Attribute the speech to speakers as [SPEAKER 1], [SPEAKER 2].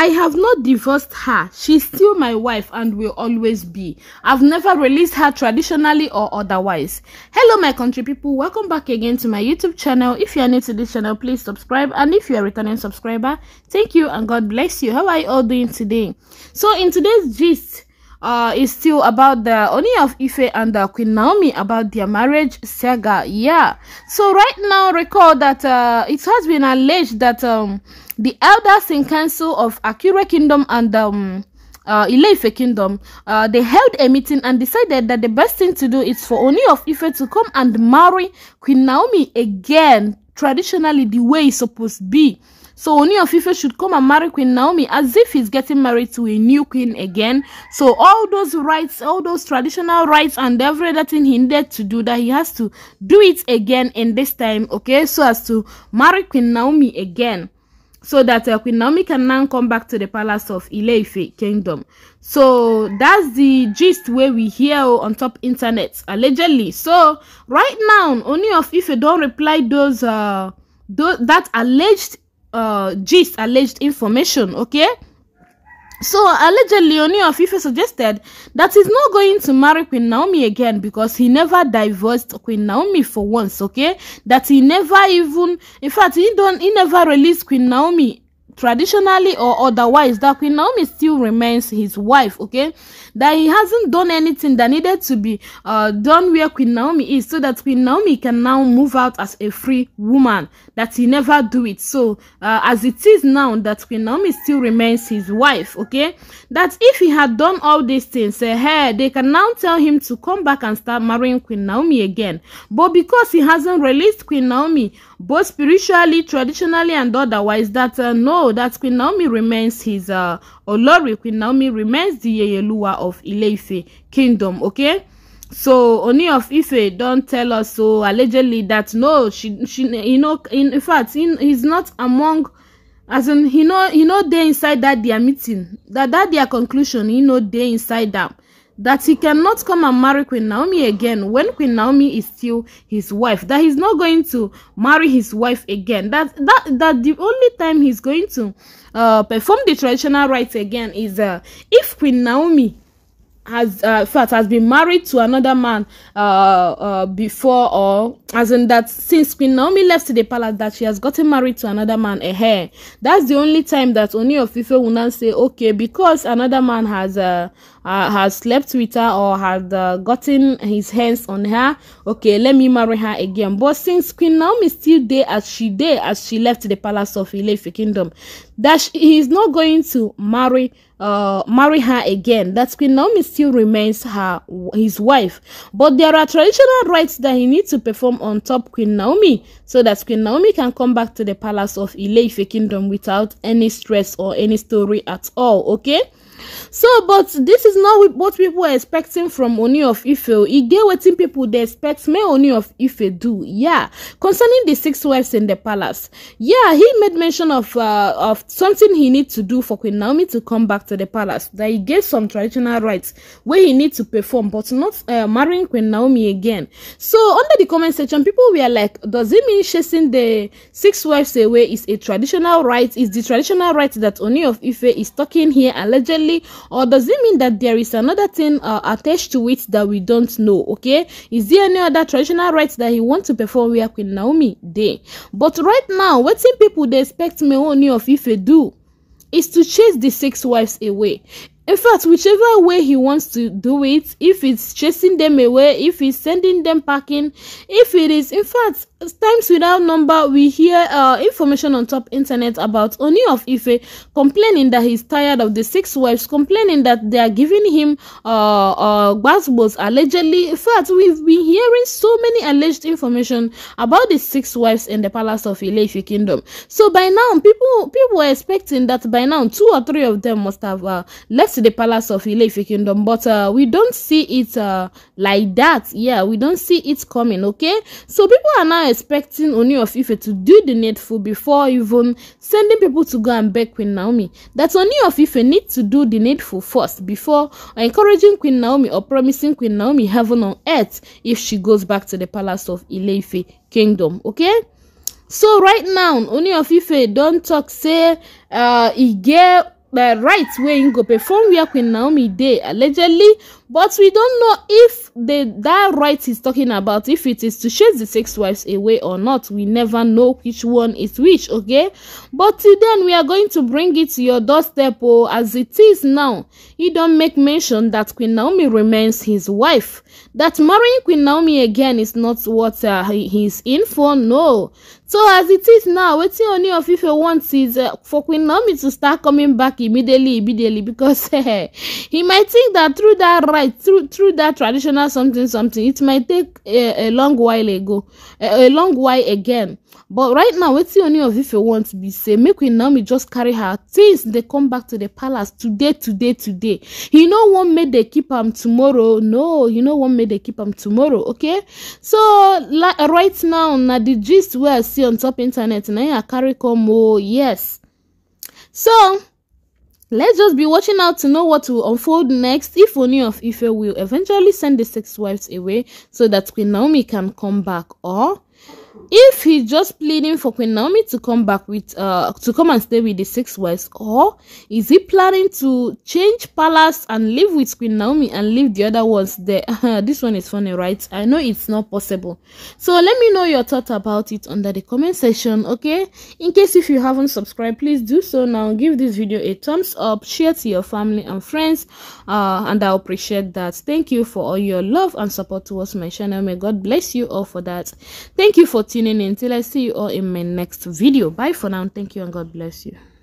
[SPEAKER 1] I have not divorced her. She's still my wife and will always be. I've never released her traditionally or otherwise. Hello my country people, welcome back again to my YouTube channel. If you are new to this channel, please subscribe and if you are a returning subscriber, thank you and God bless you. How are you all doing today? So in today's gist, uh, is still about the Oni of Ife and uh, Queen Naomi about their marriage saga. Yeah. So right now, recall that uh, it has been alleged that um, the elders in council of Akure Kingdom and um, uh, Ileife Kingdom, uh, they held a meeting and decided that the best thing to do is for Oni of Ife to come and marry Queen Naomi again, traditionally the way it's supposed to be. So Oni of Ife should come and marry Queen Naomi as if he's getting married to a new queen again. So all those rights, all those traditional rights and every other thing he needed to do that he has to do it again in this time, okay? So as to marry Queen Naomi again. so that uh, Queen Naomi can now come back to the palace of Ileife kingdom. So that's the gist where we hear on top internet allegedly. So right now, only of you don't reply those uh those, that alleged uh gist alleged information, okay? So allegedly, Oni of suggested that he's not going to marry Queen Naomi again because he never divorced Queen Naomi for once, okay? That he never even, in fact, he don't, he never released Queen Naomi traditionally or otherwise that queen naomi still remains his wife okay that he hasn't done anything that needed to be uh, done where queen naomi is so that queen naomi can now move out as a free woman that he never do it so uh, as it is now that queen naomi still remains his wife okay that if he had done all these things uh, hey, they can now tell him to come back and start marrying queen naomi again but because he hasn't released queen naomi both spiritually, traditionally, and otherwise, that uh, no, that Queen Naomi remains his uh, Olori. Queen Naomi remains the Yeyeluwa of Ileife kingdom. Okay. So Oni of Ife don tell us so allegedly that no, she she you know in, in fact in, he's not among as in he no he no dey inside that their meeting that that their conclusion he no dey inside am. that he cannot come and marry Queen Naomi again when Queen Naomi is still his wife. That he's not going to marry his wife again. That that that the only time he's going to uh, perform the traditional rites again is uh, if Queen Naomi has uh, fact has been married to another man uh, uh, before or as in that since Queen Naomi left the palace that she has gotten married to another man a hair that's the only time that only of Ife will not say okay because another man has uh, uh has slept with her or had uh, gotten his hands on her okay let me marry her again but since Queen Naomi still there as she there as she left the palace of Ilefi kingdom that she, he is not going to marry uh, marry her again, that Queen Naomi still remains her his wife. But there are traditional rites that he needs to perform on top Queen Naomi so that Queen Naomi can come back to the palace of Ileife Kingdom without any stress or any story at all, okay? so but this is not what people are expecting from oni of ife oh. e get wetin people. They expect may oni of ife do yeah concerning the six wives in the palace yeah he made mention of uh, of something he need to do for queen naomi to come back to the palace that he gave some traditional rites where he need to perform but not uh, marrying queen naomi again so under the comment section people were like does it mean chasing the six wives away is a traditional rite is the traditional rite that oni of ife is talking here allegedly family or does it mean that there is another thing uh, attached to it that we don't know okay is there any other traditional rites that he wants to perform with queen naomi day but right now what people they expect me only of if they do is to chase the six wives away in fact, whichever way he wants to do it, if it's chasing them away, if he's sending them packing, if it is, in fact, times without number, we hear uh, information on top internet about Oni of Ife complaining that he's tired of the six wives, complaining that they are giving him uh, uh, gospels allegedly. In fact, we've been hearing so many alleged information about the six wives in the palace of Ileife kingdom. So by now, people people were expecting that by now, two or three of them must have uh, left to the palace of ile Kingdom, but uh, we don't see it uh, like that. Yeah, we don't see it coming, okay? So people are now expecting Oni of Ife to do the needful before even sending people to go and beg Queen Naomi. That Oni of Ife need to do the needful first before encouraging Queen Naomi or promising Queen Naomi heaven on earth if she goes back to the palace of ile Kingdom, okay? So right now, Oni of Ife don't talk say uh, e get the right way im go perform wia queen naomi dey allegedly but we don't know if the that right he's talking about if it is to chase the six wives away or not we never know which one is which okay but till then we are going to bring it to your doorstep oh as it is now he don't make mention that queen naomi remains his wife that marrying queen naomi again is not what uh, he is in for no So as it is now, wetin Ooni of Ife wants is uh, for Queen Naomi to start coming back immediately, immediately, because uh, he might think that through that right, through through that traditional something something, it might take a, a long while ago, a, a long while again. But right now, wetin Ooni of Ife wants be say make Queen Naomi just carry her things They come back to the palace today, today, today. He know wan make they keep am tomorrow. No, you know wan make they keep am tomorrow. Okay, so like, right now na the gist wey see on top internet and I carry come oh, yes so Let's just be watching out to know what will unfold next if only of Ife will eventually send the six wives away so that Queen Naomi can come back or if he's just pleading for Queen Naomi to come back with, uh, to come and stay with the six wives, or is he planning to change palace and live with Queen Naomi and leave the other ones there? this one is funny, right? I know it's not possible. So let me know your thought about it under the comment section, okay? In case if you haven't subscribed, please do so now. Give this video a thumbs up, share to your family and friends, uh, and I appreciate that. Thank you for all your love and support towards my channel. May God bless you all for that. Thank you for tuning in. Till I see you all in my next video. Bye for now. Thank you and God bless you.